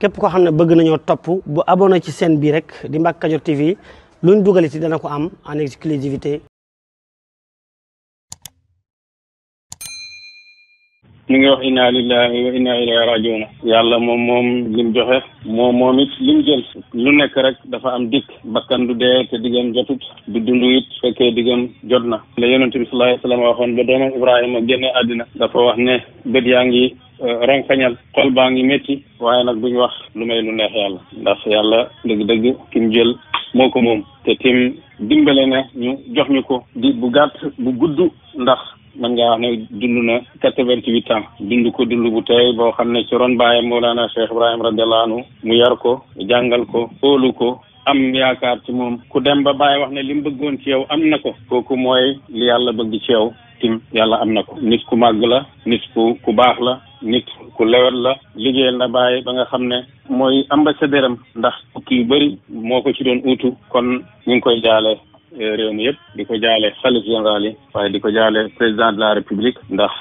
képp koo xam ne bëgg nañoo topp bu abonné ci seen bii rek di Mbacke Kadior TV luñ dugal ci dana ko am en exclusivité ñu ngi wax inna lillahi wa inna yàlla moom moom lim joxe moom moom it lim jël lu nekk rek dafa am dikk bakkan du dee te diggam jotut du dund it fekkee diggam jot na la yonent bi sallallahu alayhi wa sallam waxoon ba doomam Ibrahima génne àddina dafa wax ne bët yaa ngi Euh, rankañal xol baa ngi métti waaye nag duñ wax lu may lu neex yàlla ndax yàlla dëgg-dëgg kim jël moo ko moom te tim dimbale na ñu jox ñu ko di bu gàtt bu gudd ndax man ngaa wax ne dund na quatre-vingt-huit ans dund ko dund bu tey boo xam ne ci ron moo Mawlana Cheikh Ibrahim radiyallahu anhu mu yar ko jàngal ko óolu ko am yaakaar ci moom ku dem ba bàyyi wax ne li mu bëggoon ci am na ko kooku mooy li yàlla bëgg ci yow yàlla am na ko nit ku màgg la baax la nit ku lewet la liggéeyal na bàyyi ba nga xam ne mooy ambassadeur am ndax tukki yu bëri moo ko ci doon uutu kon ñu ngi koy jaale eh, réew mi yëpp di ko jaale xalif général waaye di ko jaale président de la république ndax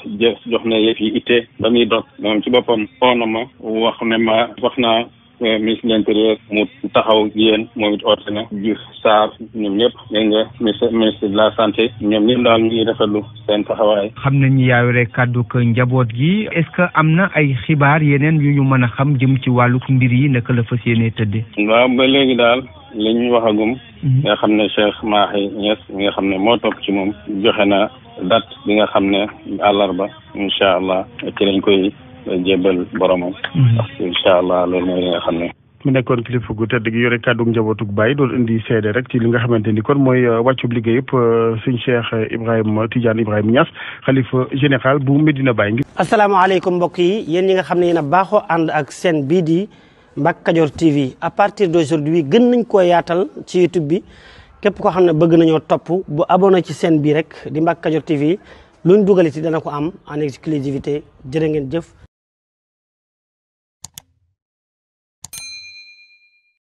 jox na yëf yi itte ba muy dog moom ci boppam oo na ma wax ne ma wax naa Eh, ministre de mu taxaw yéen moom it oote na Diouf Sarr ñoom ñëpp dégg nga ministre ministre de la santé ñoom ñëpp daal ñu ngi rafetlu seen taxawaay. xam nañ ni yaayu rek kàddu ko njaboot yi est-ce que am na ay xibaar yeneen yu ñu mën a xam jëm ci wàlluk mbir yi naka la fas yéenee tëddee. waaw ba léegi daal li ñu waxagum. Mhm. nga xam ne Cheikh Mahi Niass mi nga xam ne moo topp ci moom joxe na date bi nga xam ne àllarba incha allah ci lañ koy. jébbal boromam. Mm-hmm. parce que incha allah loolu mooy li nga xam ne. mu nekkoon kilifa gu tedd gi yore kàddu njabootug bàyyi doon indi seede rek ci li nga xamante ni kon mooy uh, wàccub liggéey yëpp uh, sëñ Cheikh uh, Ibrahima Tidiane Ibrahima Niass xalifa général bu Medina Baye. asalaamaaleykum mbokk yi yéen ñi nga xam a baaxoo ànd ak seen bii di Mbacke Kadior TV à partir d'aujourd'hui gën nañ koo yaatal ci YouTube bi képp koo xam ne bëgg nañoo topp bu abonné ci seen bii rek di Mbacke Kadior TV luñ dugaliti dana ko am en exclusivité jërë jëf.